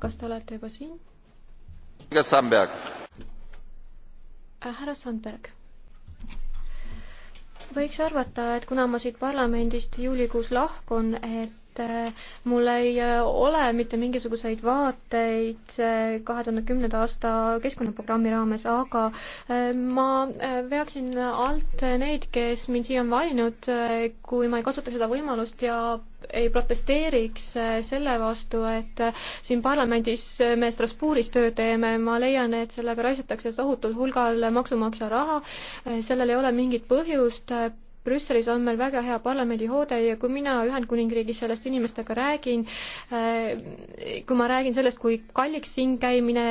kas te olete juba siin? Sandberg. Äh, härra Sandberg. võiks arvata, et kuna ma siit parlamendist juulikuus lahkun, et et äh, mul ei äh, ole mitte mingisuguseid vaateid äh, kahe tuhande kümnenda aasta keskkonnaprogrammi raames, aga ma veaksin alt neid, kes mind siia on valinud, kui ma ei kasutaks seda võimalust ja ei protesteeriks selle vastu, et siin parlamendis me Strasbourgis tööd teeme, ma leian, et sellega raisatakse tohutul hulgal maksumaksja raha, sellel ei ole mingit põhjust, Brüsselis on meil väga hea parlamendihoode ja kui mina Ühendkuningriigis sellest inimestega räägin, äh, kui ma räägin sellest, kui kalliks siin käimine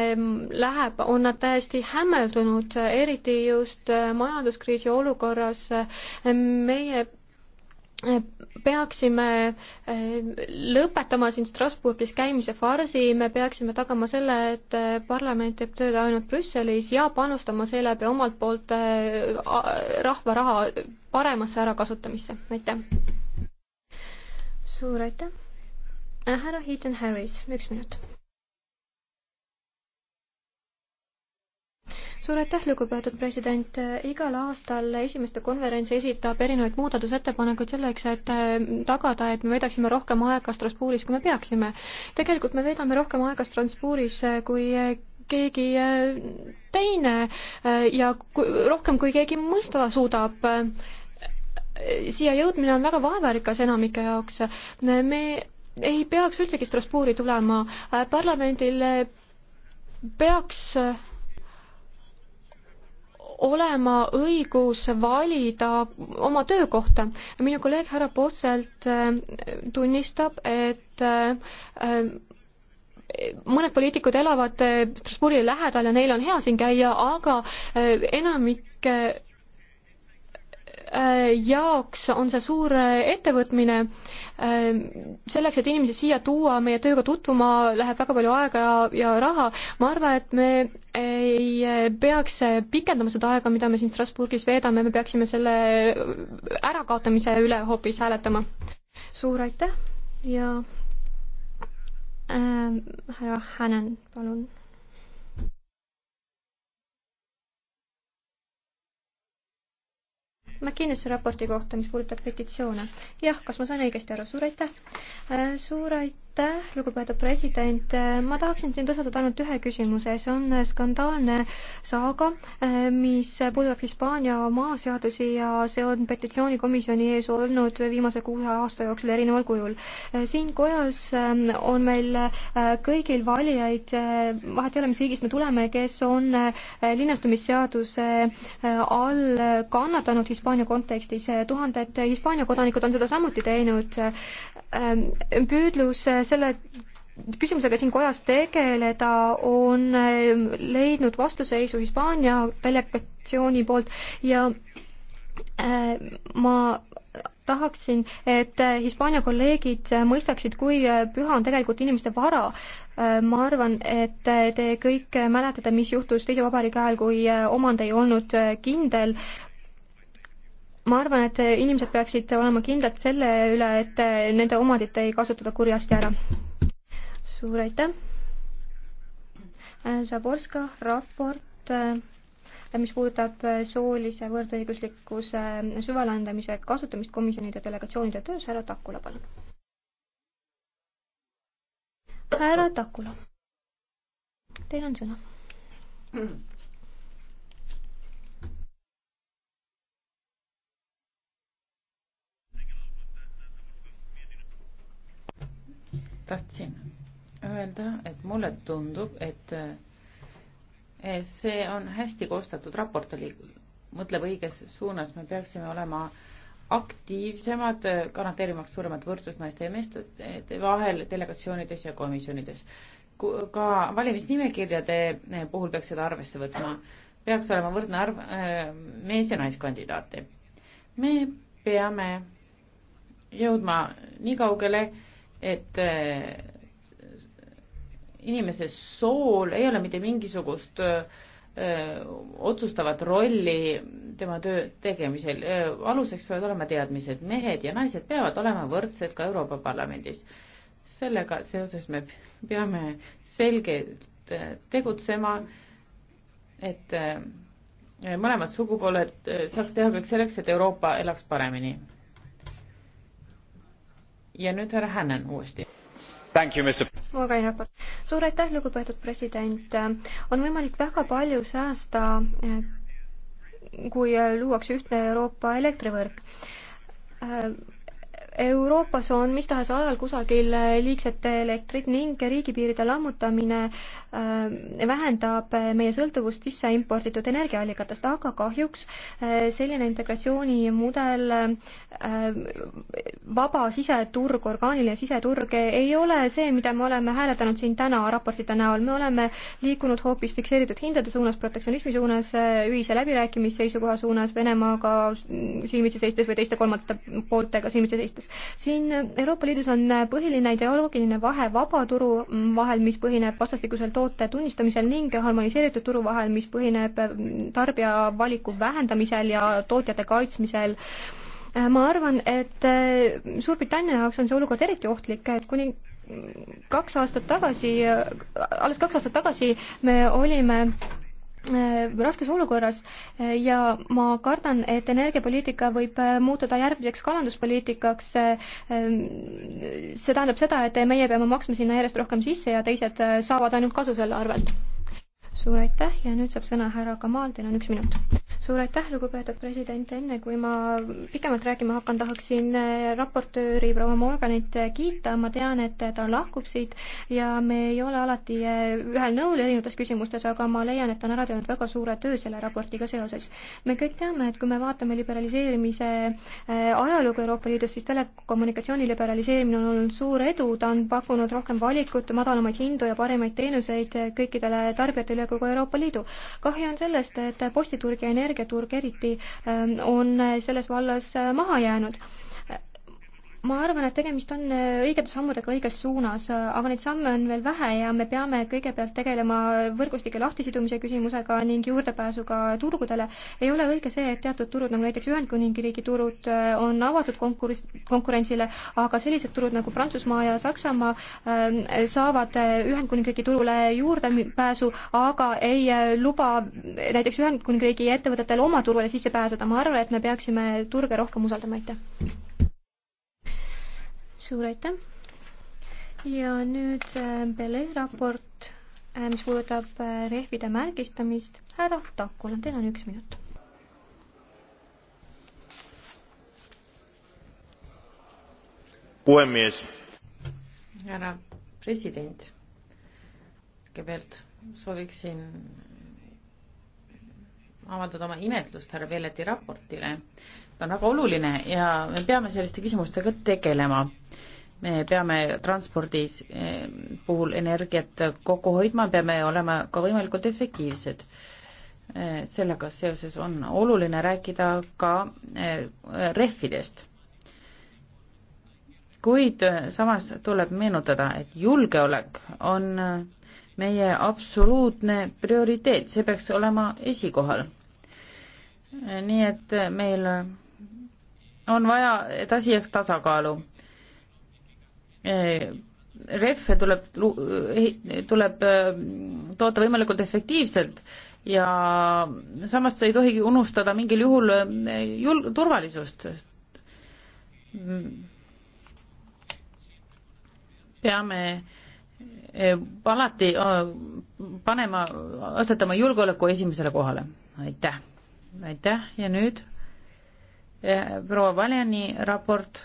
läheb, on nad täiesti hämmeldunud, eriti just äh, majanduskriisi olukorras. Äh, meie peaksime eh, lõpetama siin Strasbourgis käimise farsi, me peaksime tagama selle, et eh, parlament teeb tööd ainult Brüsselis ja panustama seeläbi omalt poolt eh, rahva raha paremasse ärakasutamisse, aitäh. suur aitäh. Äh, härra Heaton Harris, üks minut suur aitäh, lugupeetud president, igal aastal esimeste konverents esitab erinevaid muudatusettepanekuid selleks, et äh, tagada, et me veedaksime rohkem aega Strasbourgis, kui me peaksime. tegelikult me veedame rohkem aega Strasbourgis, äh, kui äh, keegi teine ja rohkem, kui keegi mõista suudab siia jõudmine on väga vaevarikas enamike jaoks. me ei peaks üldsegi Strasbourgi tulema, parlamendil peaks olema õigus valida oma töökohta. minu kolleeg härra Posselt äh, tunnistab, et äh, äh, mõned poliitikud elavad Strasbourgi lähedal ja neil on hea siin käia, aga enamik Äh, jaoks on see suur äh, ettevõtmine. Äh, selleks, et inimesi siia tuua, meie tööga tutvuma, läheb väga palju aega ja, ja raha. ma arvan, et me ei peaks pikendama seda aega, mida me siin Strasbourgis veedame, me peaksime selle ärakaotamise üle hoopis hääletama. suur aitäh ja härra äh, Hänen, palun McKinnise raporti kohta, mis puudutab petitsioone. jah, kas ma sain õigesti aru, suur aitäh! Äh, suur aitäh! aitäh, lugupeetud president, ma tahaksin siin tõstatada ainult ühe küsimuse, see on skandaalne saaga, mis puudutab Hispaania maaseadusi ja see on petitsioonikomisjoni ees olnud viimase kuue aasta jooksul erineval kujul. siin kojas ähm, on meil äh, kõigil valijaid, äh, vahet ei ole, mis riigist me tuleme, kes on äh, linnastumisseaduse all kannatanud Hispaania kontekstis, tuhanded Hispaania kodanikud on seda samuti teinud, ähm, püüdlus selle küsimusega siin kojas tegeleda, on ähm, leidnud vastuseisu Hispaania delegatsiooni poolt ja äh, ma tahaksin, et äh, Hispaania kolleegid äh, mõistaksid, kui püha on tegelikult inimeste vara. ma arvan, et te kõik mäletate, mis juhtus teise vabariigi ajal, kui omand ei olnud kindel ma arvan, et inimesed peaksid olema kindlad selle üle, et nende omandit ei kasutata kurjasti ära. suur aitäh! Zaborska raport, mis puudutab soolise võrdõiguslikkuse süvalaiendamise kasutamist komisjonide delegatsioonide töös, härra Takula, palun. härra Takula, teil on sõna. tahtsin öelda, et mulle tundub, et eh, see on hästi koostatud raport, oli, mõtleb õiges suunas, me peaksime olema aktiivsemad, garanteerimaks suuremat võrdsust naiste ja meeste vahel delegatsioonides ja komisjonides. ka valimisnimekirjade eh, puhul peaks seda arvesse võtma, peaks olema võrdne arv eh, mees- ja naiskandidaate. me peame jõudma nii kaugele, et äh, inimese sool ei ole mitte mingisugust öö, äh, otsustavat rolli tema töö tegemisel. Äh, aluseks peavad olema teadmised, mehed ja naised peavad olema võrdsed ka Euroopa Parlamendis. sellega seoses me peame selgelt tegutsema, et mõlemad sugupooled saaks teha kõik selleks, et Euroopa elaks paremini ja nüüd härra Hännen uuesti. väga hea raport. suur aitäh, lugupeetud president. on võimalik väga palju säästa, kui luuakse ühtne Euroopa elektrivõrk Euroopas on mis tahes ajal kusagil liigset elektrit ning riigipiiride lammutamine äh, vähendab meie sõltuvust sisse imporditud energiaallikatest, aga kahjuks äh, selline integratsioonimudel, äh, vaba siseturg, orgaaniline siseturg ei ole see, mida me oleme hääletanud siin täna raportite näol, me oleme liikunud hoopis fikseeritud hindade suunas, protektsionismi suunas, ühise läbirääkimisseisukoha suunas Venemaaga silmitsi seistes või teiste kolmandate pooltega silmitsi seistes siin Euroopa Liidus on põhiline ideoloogiline vahe vaba turu vahel, mis põhineb vastastikusel toote tunnistamisel ning harmoniseeritud turu vahel, mis põhineb tarbija valiku vähendamisel ja tootjate kaitsmisel ma arvan, et äh, Suurbritannia jaoks on see olukord eriti ohtlik, et kuni kaks aastat tagasi, alles kaks aastat tagasi me olime Äh, raskes olukorras äh, ja ma kardan, et energiapoliitika võib äh, muutuda järgmiseks kalanduspoliitikaks. Ähm, see tähendab seda, et meie peame maksma sinna järjest rohkem sisse ja teised saavad ainult kasu selle arvelt. suur aitäh ja nüüd saab sõna härra Kamal, teil on üks minut suur aitäh, lugupeetud president, enne kui ma pikemalt rääkima hakkan, tahaksin eh, raportööri proua Morganit eh, kiita, ma tean, et eh, ta lahkub siit ja me ei ole alati ühel nõul erinevates küsimustes, aga ma leian, et ta on ära teinud väga suure töö selle raportiga seoses. me kõik teame, et kui me vaatame liberaliseerimise ajalugu Euroopa Liidus, siis telekommunikatsiooni liberaliseerimine on olnud suur edu, ta on pakkunud rohkem valikut, madalamaid hindu ja paremaid teenuseid kõikidele tarbijatele kogu Euroopa Liidu. kahju on sellest, et postiturg ja energia energiaturg eriti ähm, on selles vallas äh, maha jäänud ma arvan, et tegemist on äh, õigete sammudega õiges suunas, äh, aga neid samme on veel vähe ja me peame kõigepealt tegelema võrgustike lahtisidumise küsimusega ning juurdepääsuga turgudele. ei ole õige see, et teatud turud nagu näiteks Ühendkuningriigi turud äh, on avatud konkurss, konkurentsile, aga sellised turud nagu Prantsusmaa ja Saksamaa ähm, saavad Ühendkuningriigi turule juurdepääsu, aga ei luba näiteks Ühendkuningriigi ettevõtetel oma turule sisse pääseda. ma arvan, et me peaksime turge rohkem usaldama, aitäh suur aitäh! ja nüüd Bele äh, raport, äh, mis puudutab äh, rehvide märgistamist. härra Takul on, teil on üks minut puhemies härra president kõigepealt sooviksin avaldada oma imetlust härra Velleti raportile. ta on väga oluline ja me peame selliste küsimustega tegelema. me peame transpordi eh, puhul energiat kokku hoidma, peame olema ka võimalikult efektiivsed. Eh, sellega seoses on oluline rääkida ka eh, rehvidest. kuid samas tuleb meenutada, et julgeolek on meie absoluutne prioriteet, see peaks olema esikohal nii et meil on vaja, et asi jääks tasakaalu. E, rehve tuleb, e, tuleb e, toota võimalikult efektiivselt ja samas ei tohigi unustada mingil juhul jul-, turvalisust. peame alati panema, asetama julgeoleku esimesele kohale, aitäh aitäh ja nüüd eh, proua Valjani raport,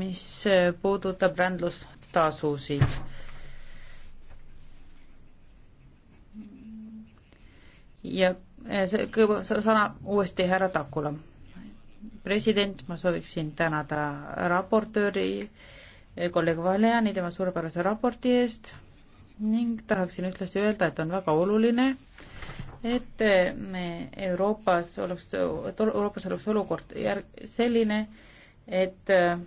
mis eh, puudutab rändlustasusid. ja eh, see kõigepealt sõna uuesti härra Takula. president, ma sooviksin tänada raportööri, kolleeg Valjani tema suurepärase raporti eest ning tahaksin ühtlasi öelda, et on väga oluline, et eh, me Euroopas oleks, et Euroopas oleks olukord järg-, selline, et eh,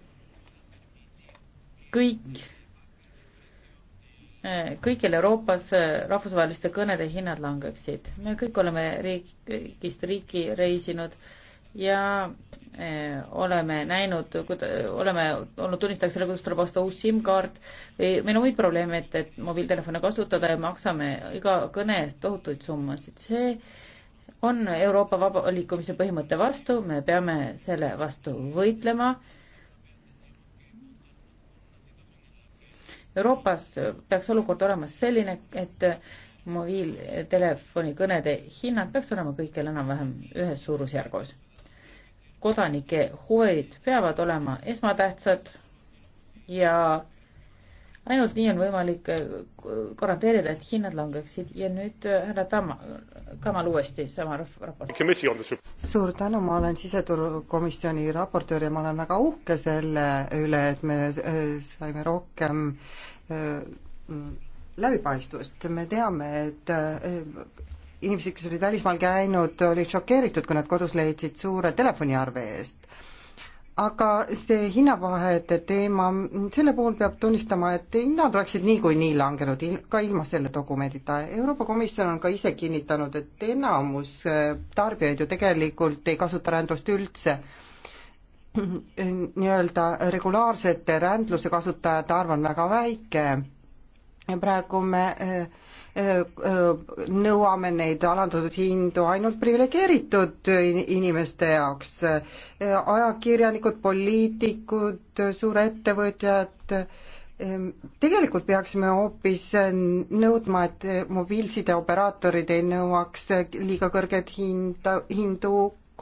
kõik, eh, kõigil Euroopas rahvusvaheliste kõnede hinnad langeksid. me kõik oleme riik, riigist riiki reisinud ja eh, oleme näinud, oleme olnud tunnistajaks selle, kuidas tuleb osta uus SIM-kaart. Eh, meil on muid probleeme, et, et mobiiltelefone kasutada ja maksame iga kõne eest tohutuid summasid. see on Euroopa vaba liikumise põhimõtte vastu, me peame selle vastu võitlema. Euroopas peaks olukord olema selline, et mobiiltelefoni kõnede hinnad peaks olema kõikjal enam-vähem ühes suurusjärgus kodanike huvid peavad olema esmatähtsad ja ainult nii on võimalik eh, garanteerida, et hinnad langeksid ja nüüd eh, härra Tamma, Kamal uuesti, sama raport. suur tänu, ma olen siseturukomisjoni raportöör ja ma olen väga uhke selle üle, et me eh, saime rohkem läbipaistvust, me teame, et inimesed, kes olid välismaal käinud, olid šokeeritud, kui nad kodus leidsid suure telefoniarve eest. aga see hinnavahede teema, selle puhul peab tunnistama, et hinnad oleksid niikuinii langenud ka ilma selle dokumendita. Euroopa Komisjon on ka ise kinnitanud, et enamus äh, tarbijaid ju tegelikult ei kasuta rändust üldse nii-öelda regulaarsete rändluse kasutajate arv on väga väike ja praegu me äh, Äh, äh, nõuame neid alandatud hindu ainult priviligeeritud inimeste jaoks. Äh, ajakirjanikud, poliitikud, suurettevõtjad, tegelikult peaksime hoopis nõudma, et mobiilsideoperaatorid ei nõuaks liiga kõrget hinda, hindu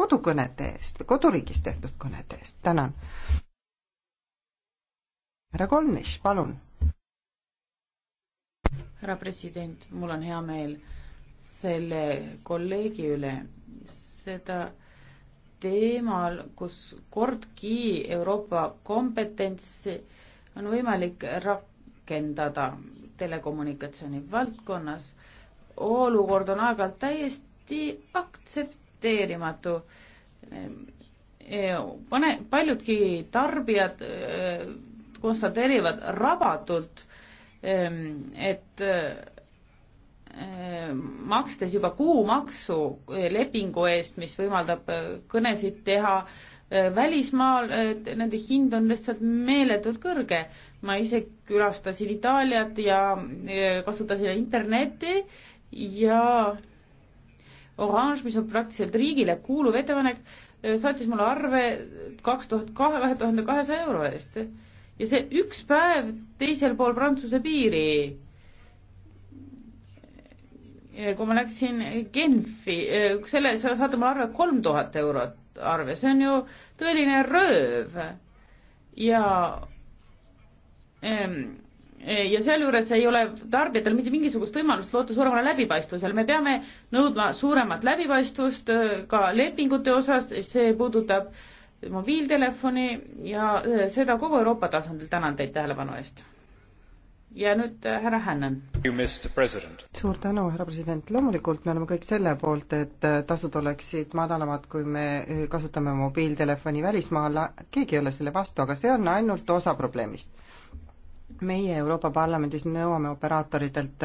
kodukõnede eest, koduriigis tehtud kõnede eest, tänan. härra Kolnis, palun härra president, mul on hea meel selle kolleegi üle, seda teemal, kus kordki Euroopa kompetents on võimalik rakendada telekommunikatsiooni valdkonnas. olukord on aeg-ajalt täiesti aktsepteerimatu. E, pane, paljudki tarbijad e, konstateerivad rabatult, Ehm, et ehm, makstes juba kuumaksu eh, lepingu eest, mis võimaldab eh, kõnesid teha eh, välismaal, et nende hind on lihtsalt meeletult kõrge. ma ise külastasin Itaaliat ja kasutasin internetti ja Orange, mis on praktiliselt riigile kuuluv ettepanek, saatis mulle arve kaks tuhat kahe, kahe tuhande kahesaja euro eest ja see üks päev teisel pool Prantsuse piiri. kui ma läksin Genfi, selle, sa saad mulle arve kolm tuhat eurot arve, see on ju tõeline rööv. ja ähm, ja sealjuures ei ole tarbijatel mitte mingisugust võimalust loota suuremale läbipaistvusele, me peame nõudma suuremat läbipaistvust ka lepingute osas, see puudutab äh, mobiiltelefoni ja äh, seda kogu Euroopa tasandil. tänan teid tähelepanu eest. ja nüüd äh, härra Hännan. suur tänu, härra president. loomulikult me oleme kõik selle poolt, et äh, tasud oleksid madalamad, kui me kasutame mobiiltelefoni välismaal. keegi ei ole selle vastu, aga see on ainult osa probleemist meie Euroopa Parlamendis nõuame operaatoritelt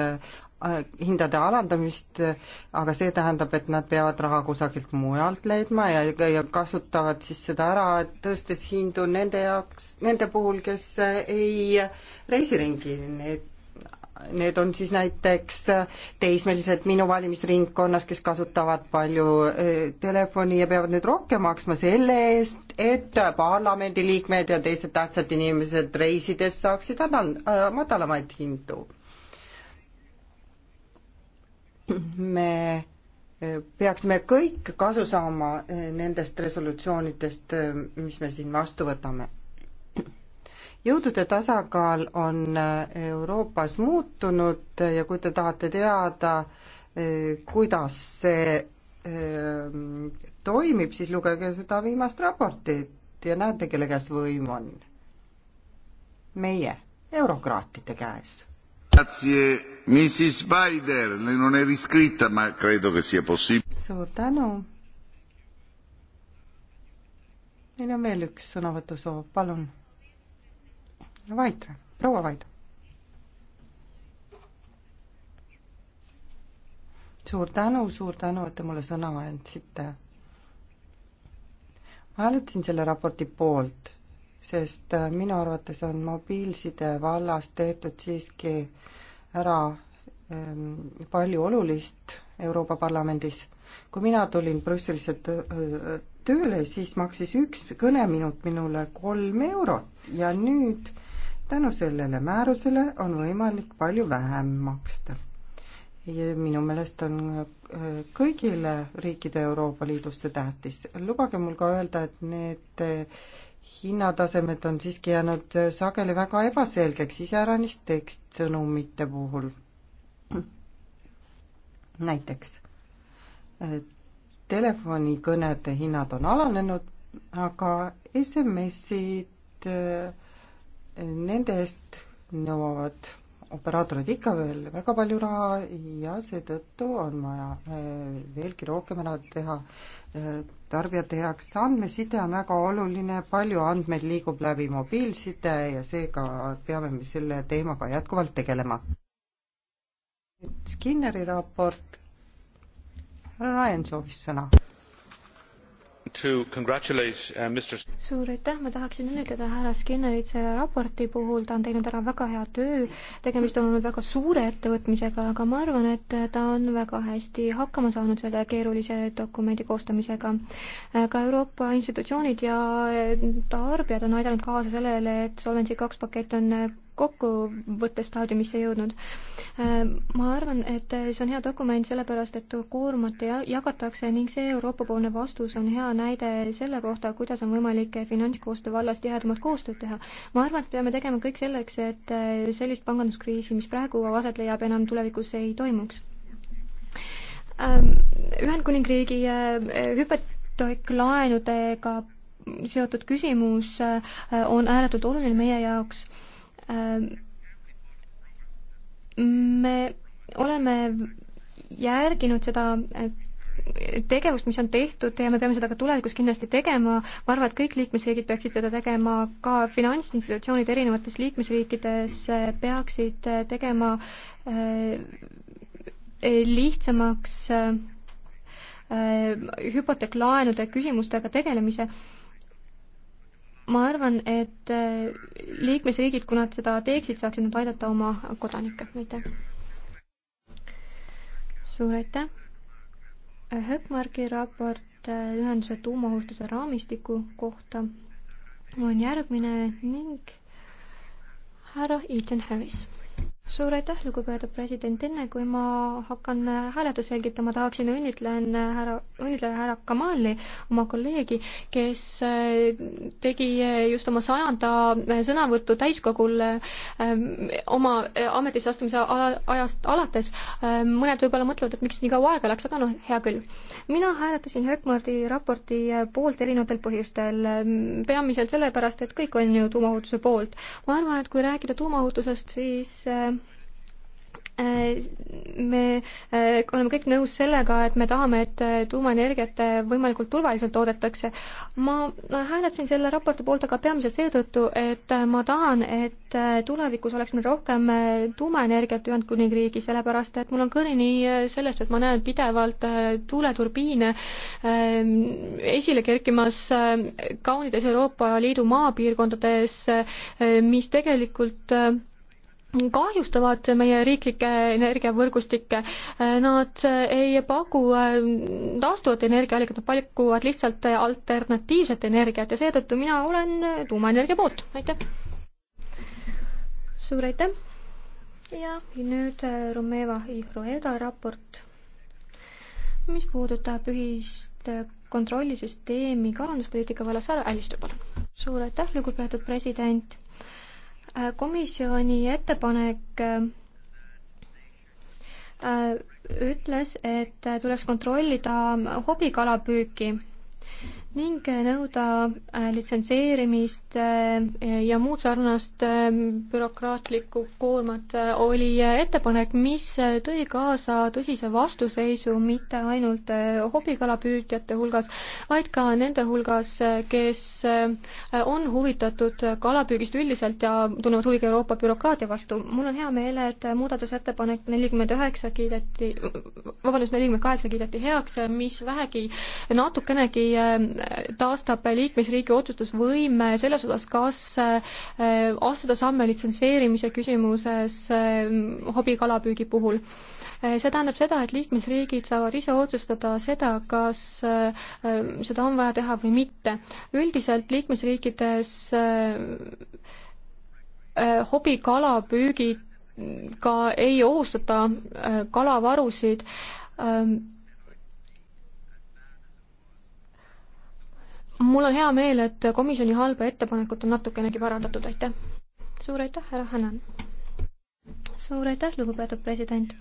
Äh, hindade alandamist, äh, aga see tähendab, et nad peavad raha kusagilt mujalt leidma ja, ja kasutavad siis seda ära, tõstes hindu nende jaoks, nende puhul, kes äh, ei reisi ringi, need Need on siis näiteks teismelised minu valimisringkonnas, kes kasutavad palju telefoni ja peavad nüüd rohkem maksma selle eest, et parlamendiliikmed ja teised tähtsad inimesed reisides saaksid madal, madalamaid hindu me eh, peaksime kõik kasu saama eh, nendest resolutsioonidest, eh, mis me siin vastu võtame. jõudude tasakaal on Euroopas muutunud ja kui te tahate teada, kuidas see toimib, siis lugege seda viimast raportit ja näete, kelle käes võim on. meie, eurokraatide käes Grazie, Mrs Spider, lei non è riscritta ma credo che sia possibile. suur tänu. meil on veel üks sõnavõtusoov, palun. Vaidre, proua Vaidre. suur tänu, suur tänu, et te mulle sõna andsite. ma hääletasin selle raporti poolt sest äh, minu arvates on mobiilside vallas tehtud siiski ära ähm, palju olulist Euroopa Parlamendis. kui mina tulin Brüsselisse tööle, siis maksis üks kõneminut minule kolm eurot ja nüüd tänu sellele määrusele on võimalik palju vähem maksta. minu meelest on äh, kõigile riikide Euroopa Liidus see tähtis. lubage mul ka öelda, et need hinnatasemed on siiski jäänud sageli väga ebaselgeks, iseäranis tekstsõnumite puhul. näiteks eh, telefonikõnede hinnad on alanenud, aga SMS-id, eh, nende eest nõuavad operaatorid ikka veel väga palju raha ja seetõttu on vaja äh, veelgi rohkem ära teha äh, tarbijate heaks. andmeside on väga oluline, palju andmeid liigub läbi mobiilside ja seega peame me selle teemaga jätkuvalt tegelema. Skinneri raport. härra Ryan soovis sõna Uh, suur aitäh, ma tahaksin õnnitleda härra Skinneritse raporti puhul, ta on teinud ära väga hea töö, tegemist on olnud väga suure ettevõtmisega, aga ma arvan, et ta on väga hästi hakkama saanud selle keerulise dokumendi koostamisega. ka Euroopa institutsioonid ja tarbijad on aidanud kaasa sellele, et Solvency kaks pakett on kokkuvõtte staadiumisse jõudnud. Äh, ma arvan, et see on hea dokument, sellepärast et koormat jagatakse ning see Euroopa-poolne vastus on hea näide selle kohta, kuidas on võimalik finantskoostöö vallas tihedamat koostööd teha. ma arvan, et peame tegema kõik selleks, et äh, sellist panganduskriisi, mis praegu aset leiab, enam tulevikus ei toimuks. Ähm, Ühendkuningriigi äh, hüpoteeklaenudega seotud küsimus on ääretult oluline meie jaoks Ähm, me oleme järginud seda äh, tegevust, mis on tehtud ja me peame seda ka tulevikus kindlasti tegema, ma arvan, et kõik liikmesriigid peaksid seda tegema, ka finantsinstitutsioonid erinevates liikmesriikides äh, peaksid äh, tegema lihtsamaks hüpoteeklaenude küsimustega tegelemise ma arvan, et äh, liikmesriigid, kui nad seda teeksid, saaksid nad aidata oma kodanikke, aitäh. suur aitäh. Äh, Höppmarki raport äh, ühenduse tuumaohutuse raamistiku kohta on järgmine ning härra Ethan Harris suur aitäh, lugupeetud president, enne kui ma hakkan hääletust selgitama, tahaksin õnnitlen härra, õnnitleda härra Kamali, oma kolleegi, kes äh, tegi just oma sajanda sõnavõttu täiskogul ähm, oma äh, ametisse astumise ajast alates. Ähm, mõned võib-olla mõtlevad, et miks nii kaua aega läks, aga noh, hea küll. mina hääletasin Hökmardi raporti poolt erinevatel põhjustel, ähm, peamiselt sellepärast, et kõik on ju tuumaohutuse poolt. ma arvan, et kui rääkida tuumaohutusest, siis äh, Äh, me äh, oleme kõik nõus sellega, et me tahame, et äh, tuumaenergiat võimalikult turvaliselt toodetakse. ma hääletasin selle raporti poolt aga peamiselt seetõttu, et ma tahan, et tulevikus oleks meil rohkem tuumaenergiat Ühendkuningriigis, sellepärast et mul on kõrini sellest, et ma näen pidevalt tuuleturbiine ähm, esile kerkimas kaunides Euroopa Liidu maapiirkondades, mis tegelikult kahjustavad meie riiklikke energiavõrgustikke, nad ei paku äh, taastuvat energiaallikat, nad pakuvad lihtsalt alternatiivset energiat ja seetõttu mina olen tuumaenergia poolt, aitäh! suur aitäh! ja nüüd äh, Romeva Ifroeda raport, mis puudutab ühist kontrollisüsteemi kalanduspoliitika vallas, härra Alistair, palun! suur aitäh, lugupeetud president! Äh, komisjoni ettepanek äh, äh, ütles, et tuleks kontrollida hobikalapüüki ning nõuda äh, litsenseerimist äh, ja muud sarnast äh, bürokraatlikku koormat oli ettepanek, mis tõi kaasa tõsise vastuseisu mitte ainult hobikalapüüdjate hulgas, vaid ka nende hulgas, kes on huvitatud kalapüügist üldiselt ja tunnevad huvi ka Euroopa bürokraatia vastu. mul on hea meel, et muudatusettepanek nelikümmend üheksa kiideti, vabandust, nelikümmend kaheksa kiideti heaks, mis vähegi natukenegi taastab liikmesriigi otsustusvõime selles osas, kas äh, astuda samme litsenseerimise küsimuses äh, hobikalapüügi puhul. Äh, see tähendab seda, et liikmesriigid saavad ise otsustada seda, kas seda on vaja teha või mitte. üldiselt liikmesriikides hobikalapüügid ka ei ohustata kalavarusid ähm, mul on hea meel, et komisjoni halba ettepanekut on natukenegi parandatud, aitäh. suur aitäh, härra Hänan. suur aitäh, lugupeetud president.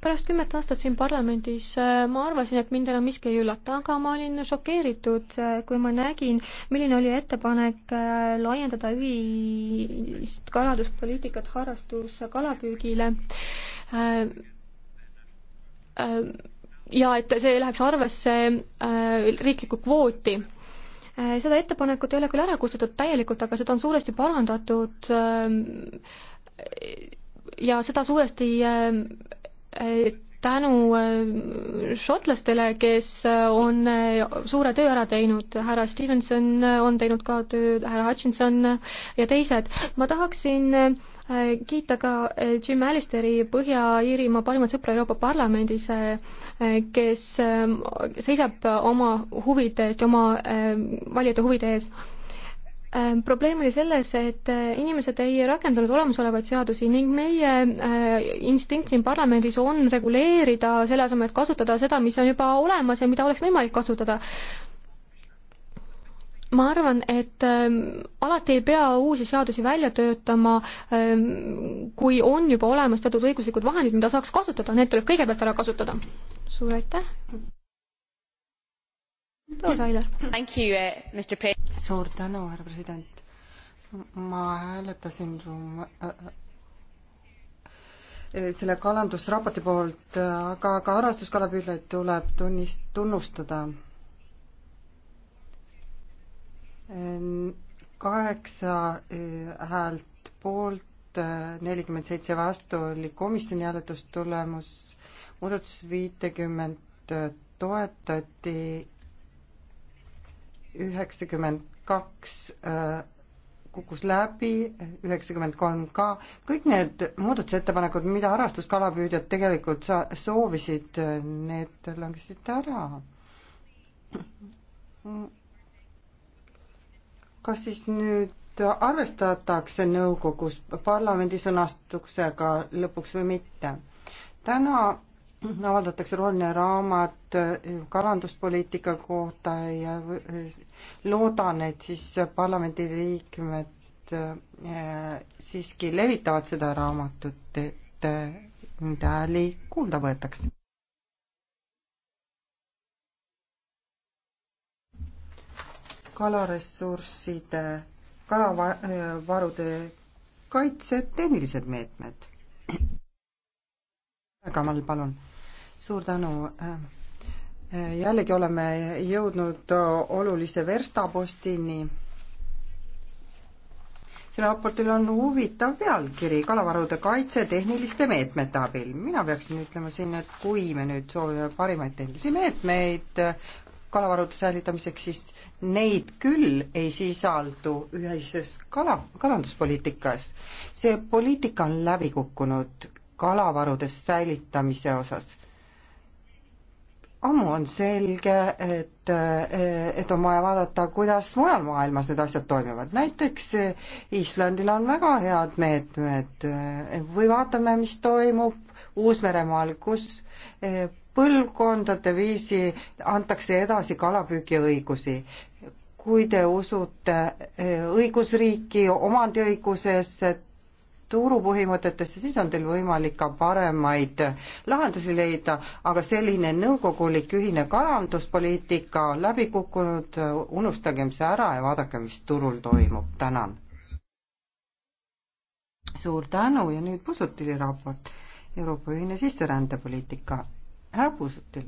pärast kümmet aastat siin parlamendis äh, ma arvasin, et mind enam miski ei üllata, aga ma olin šokeeritud, äh, kui ma nägin, milline oli ettepanek äh, laiendada ühist kalanduspoliitikat harrastuskalapüügile ja et see läheks arvesse riiklikku kvooti Äh, seda ettepanekut ei ole küll ära kustutatud täielikult, aga seda on suuresti parandatud ähm, ja seda suuresti ähm, äh, tänu äh, šotlastele, kes äh, on äh, suure töö ära teinud, härra Stevenson on teinud ka tööd, härra Hutchinson ja teised. ma tahaksin kiita ka Jim Allisteri, Põhja-Iirimaa parimat sõpra Euroopa Parlamendis, kes ähm, seisab oma huvide eest ja oma valijate huvide ees Ehm, probleem oli selles, et äh, inimesed ei rakendanud olemasolevaid seadusi ning meie äh, instinkt siin parlamendis on reguleerida, selle asemel, et kasutada seda, mis on juba olemas ja mida oleks võimalik kasutada. ma arvan, et ähm, alati ei pea uusi seadusi välja töötama, ähm, kui on juba olemas teatud õiguslikud vahendid, mida saaks kasutada, need tuleb kõigepealt ära kasutada. suur aitäh! proua Tyler. Uh, suur tänu, härra president. ma hääletasin Ruum- äh, äh,, selle kalandusraporti poolt, aga ka harrastuskalapüüdjaid tuleb tunnis, tunnustada. kaheksa äh, häält poolt, äh, nelikümmend seitse vastu oli komisjoni hääletustulemus, muudatus viitekümmet toetati üheksakümmend kaks äh, kukkus läbi, üheksakümmend kolm ka, kõik need muudatusettepanekud, mida harrastuskalapüüdjad tegelikult sa-, soovisid, äh, need langesid ära. kas siis nüüd arvestatakse nõukogus parlamendi sõnastusega lõpuks või mitte? täna avaldatakse roheline raamat eh, kalanduspoliitika kohta ja eh, loodan, et siis parlamendiliikmed eh, siiski levitavad seda raamatut, et nende hääli kuulda võetakse. kalaressursside, kalavarude kaitse tehnilised meetmed. Kamal, palun suur tänu. Äh, jällegi oleme jõudnud äh, olulise verstapostini. sellel raportil on huvitav pealkiri kalavarude kaitse tehniliste meetmete abil. mina peaksin ütlema siin, et kui me nüüd soovime parimaid tehnilisi meetmeid äh, kalavarude säilitamiseks, siis neid küll ei sisaldu ühises kala, kalanduspoliitikas. see poliitika on läbi kukkunud kalavarude säilitamise osas ammu on selge, et, et on vaja vaadata, kuidas mujal maailmas need asjad toimivad. näiteks Islandil on väga head meetmed või vaatame, mis toimub Uus-Meremaal, kus põlvkondade viisi antakse edasi kalapüügiõigusi. kui te usute õigusriiki, omandiõigusesse, turupõhimõtetesse, siis on teil võimalik ka paremaid lahendusi leida, aga selline nõukogulik ühine kalanduspoliitika on läbi kukkunud, unustagem see ära ja vaadake, mis turul toimub, tänan. suur tänu ja nüüd Pusutili raport, Euroopa ühine sisserändepoliitika, härra Pusutil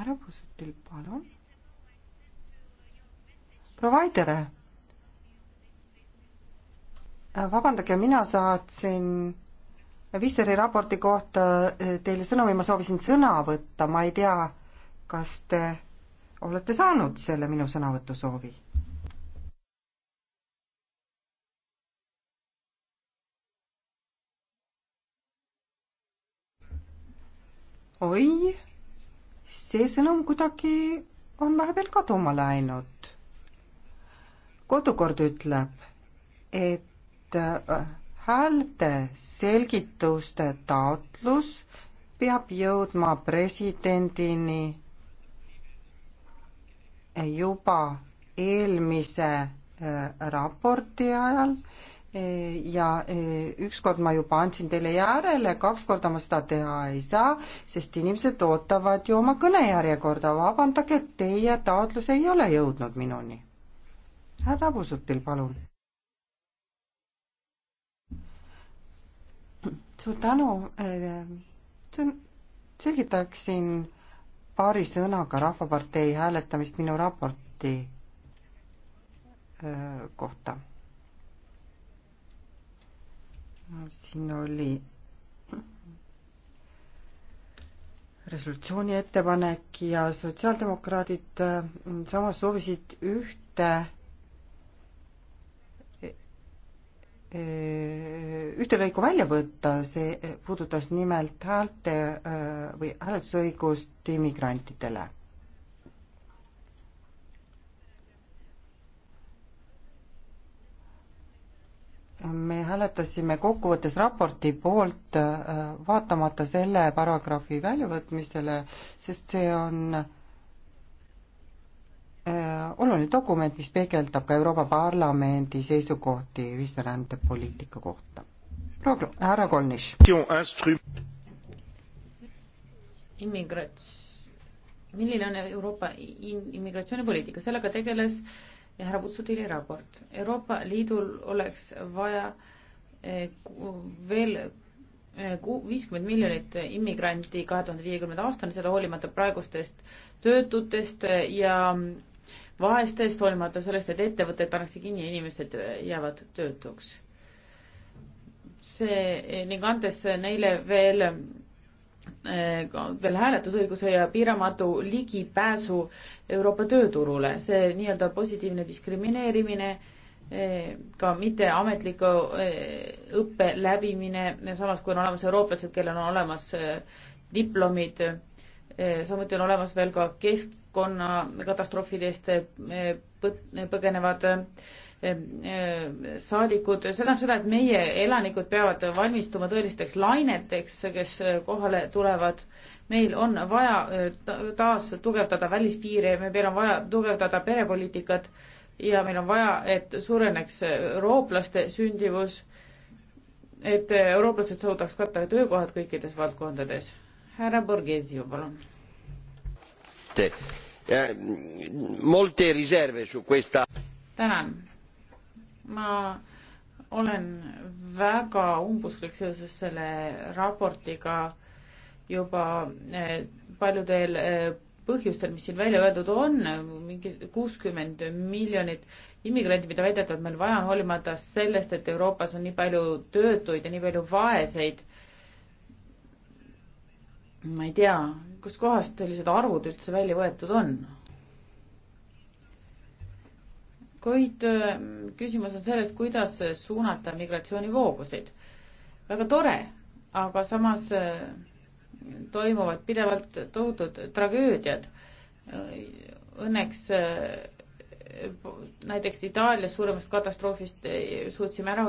härra Pusutil, palun. provider'e. Äh, vabandage, mina saatsin Visseri raporti kohta äh, teile sõnumi, ma soovisin sõna võtta, ma ei tea, kas te olete saanud selle minu sõnavõtusoovi? oi see sõnum kuidagi on vahepeal kaduma läinud. kodukord ütleb, et äh, häälte selgituste taotlus peab jõudma presidendini juba eelmise äh, raporti ajal E, ja e, ükskord ma juba andsin teile järele, kaks korda ma seda teha ei saa, sest inimesed ootavad ju oma kõnejärjekorda, vabandage, teie taotlus ei ole jõudnud minuni. härra Pusutil, palun. suur tänu, e, selgitaksin paari sõnaga Rahvapartei hääletamist minu raporti kohta siin oli resolutsiooni ettepanek ja sotsiaaldemokraadid äh, samas soovisid ühte e, e, ühte lõiku välja võtta, see puudutas nimelt häälte äh, või hääletusõigust immigrantidele me hääletasime kokkuvõttes raporti poolt, äh, vaatamata selle paragrahvi väljavõtmisele, sest see on äh, oluline dokument, mis peegeldab ka Euroopa Parlamendi seisukohti ühisrändepoliitika kohta. proua härra Kolnis. immigrats-, milline on Euroopa immigratsioonipoliitika, sellega tegeles äh, ja härra Putsutili raport. Euroopa Liidul oleks vaja eh, veel eh, viiskümmend miljonit immigranti kahe tuhande viiekümnenda aastani, seda hoolimata praegustest töötutest eh, ja mm, vaestest, hoolimata sellest, et ettevõtteid pannakse kinni ja inimesed jäävad töötuks. see ning andes neile veel mm, Äh, veel hääletusõiguse ja piiramatu ligipääsu Euroopa tööturule, see nii-öelda positiivne diskrimineerimine, äh, ka mitteametliku äh, õppe läbimine, samas kui on olemas eurooplased, kellel on olemas diplomid, samuti on olemas veel ka keskkonnakatastroofide eest põgenevad saadikud, see tähendab seda, et meie elanikud peavad valmistuma tõelisteks laineteks, kes kohale tulevad. meil on vaja äh, taas tugevdada välispiire, meil on vaja tugevdada perepoliitikat ja meil on vaja, et suureneks eurooplaste sündivus, et eurooplased suudaks katta töökohad kõikides valdkondades. härra Borghesio, palun. Äh, tänan ma olen väga umbusklik seoses selle raportiga juba eh, paljudel eh, põhjustel, mis siin välja öeldud on, mingi kuuskümmend miljonit immigranti, mida väidetavalt meil vaja on, hoolimata sellest, et Euroopas on nii palju töötuid ja nii palju vaeseid. ma ei tea, kuskohast sellised arvud üldse välja võetud on kuid äh, küsimus on selles, kuidas äh, suunata migratsioonivooguseid. väga tore, aga samas äh, toimuvad pidevalt tohutud tragöödiad. Õnneks näiteks Itaalias suuremast katastroofist suutsime ära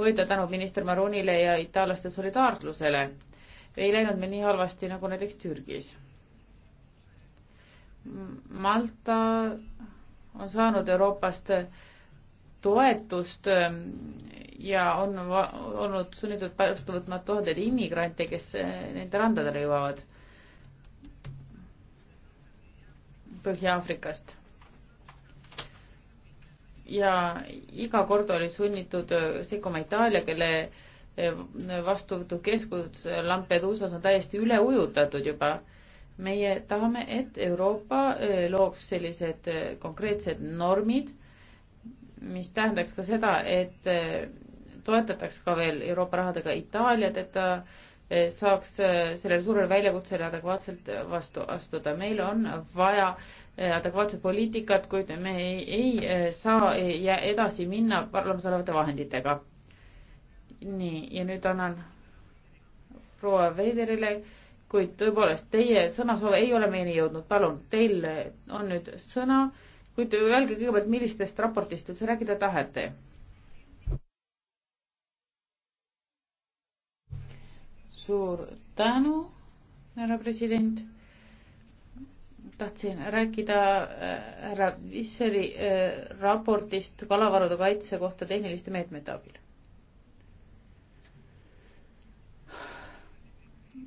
hoida tänu minister Maronile ja itaallaste solidaarsusele. ei läinud meil nii halvasti nagu näiteks Türgis. Malta on saanud Euroopast toetust ähm, ja on olnud sunnitud vastu võtma tuhandeid immigrante, kes äh, nende randadele jõuavad Põhja-Aafrikast. ja iga kord oli sunnitud äh, sekkuma Itaalia, kelle äh, vastuvõtukeskus Lampeduusas on täiesti üle ujutatud juba meie tahame, et Euroopa äh, looks sellised äh, konkreetsed normid, mis tähendaks ka seda, et äh, toetataks ka veel Euroopa rahadega Itaaliat, et ta saaks sellele suurele väljakutsele adekvaatselt vastu astuda. meil on vaja adekvaatset poliitikat, kuid me ei, ei saa edasi minna olemasolevate vahenditega. nii, ja nüüd annan proua Veiderile kuid tõepoolest, teie sõnasoov ei ole meieni jõudnud, palun, teil on nüüd sõna, kuid öelge kõigepealt, millistest raportist üldse rääkida tahate? suur tänu, härra president. tahtsin rääkida äh, härra Visseri äh, raportist kalavarude kaitse kohta tehniliste meetmete abil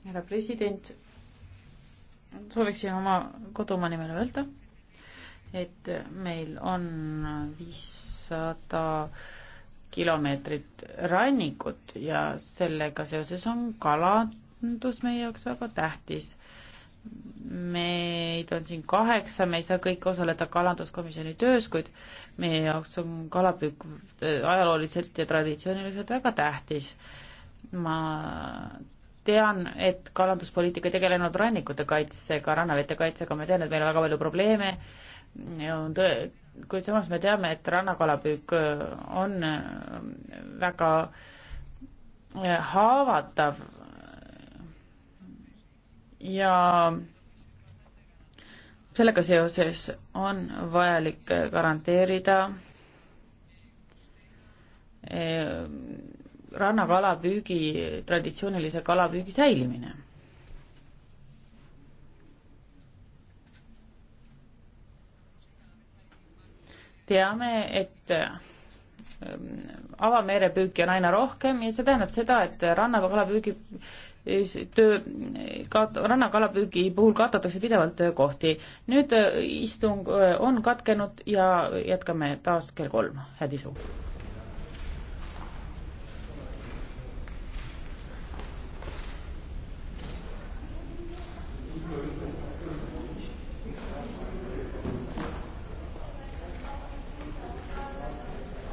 härra president, sooviksin oma kodumaa nimel öelda, et meil on viissada kilomeetrit rannikut ja sellega seoses on kalandus meie jaoks väga tähtis. meid on siin kaheksa, me ei saa kõik osaleda kalanduskomisjoni töös, kuid meie jaoks on kalapüük äh, ajalooliselt ja traditsiooniliselt väga tähtis. ma tean, et kalanduspoliitika ei tegelenud rannikute kaitsega, rannavete kaitsega, ma tean, et meil on väga palju probleeme, on tõe, kuid samas me teame, et rannakalapüük äh, on äh, väga äh, haavatav ja sellega seoses on vajalik garanteerida rannakalapüügi, traditsioonilise kalapüügi säilimine. teame, et ähm, avamerepüüki on aina rohkem ja see tähendab seda, et rannakalapüügi töö, kaot-, rannakalapüügi puhul kaotatakse pidevalt töökohti. nüüd äh, istung äh, on katkenud ja jätkame taas kell kolm, head isu!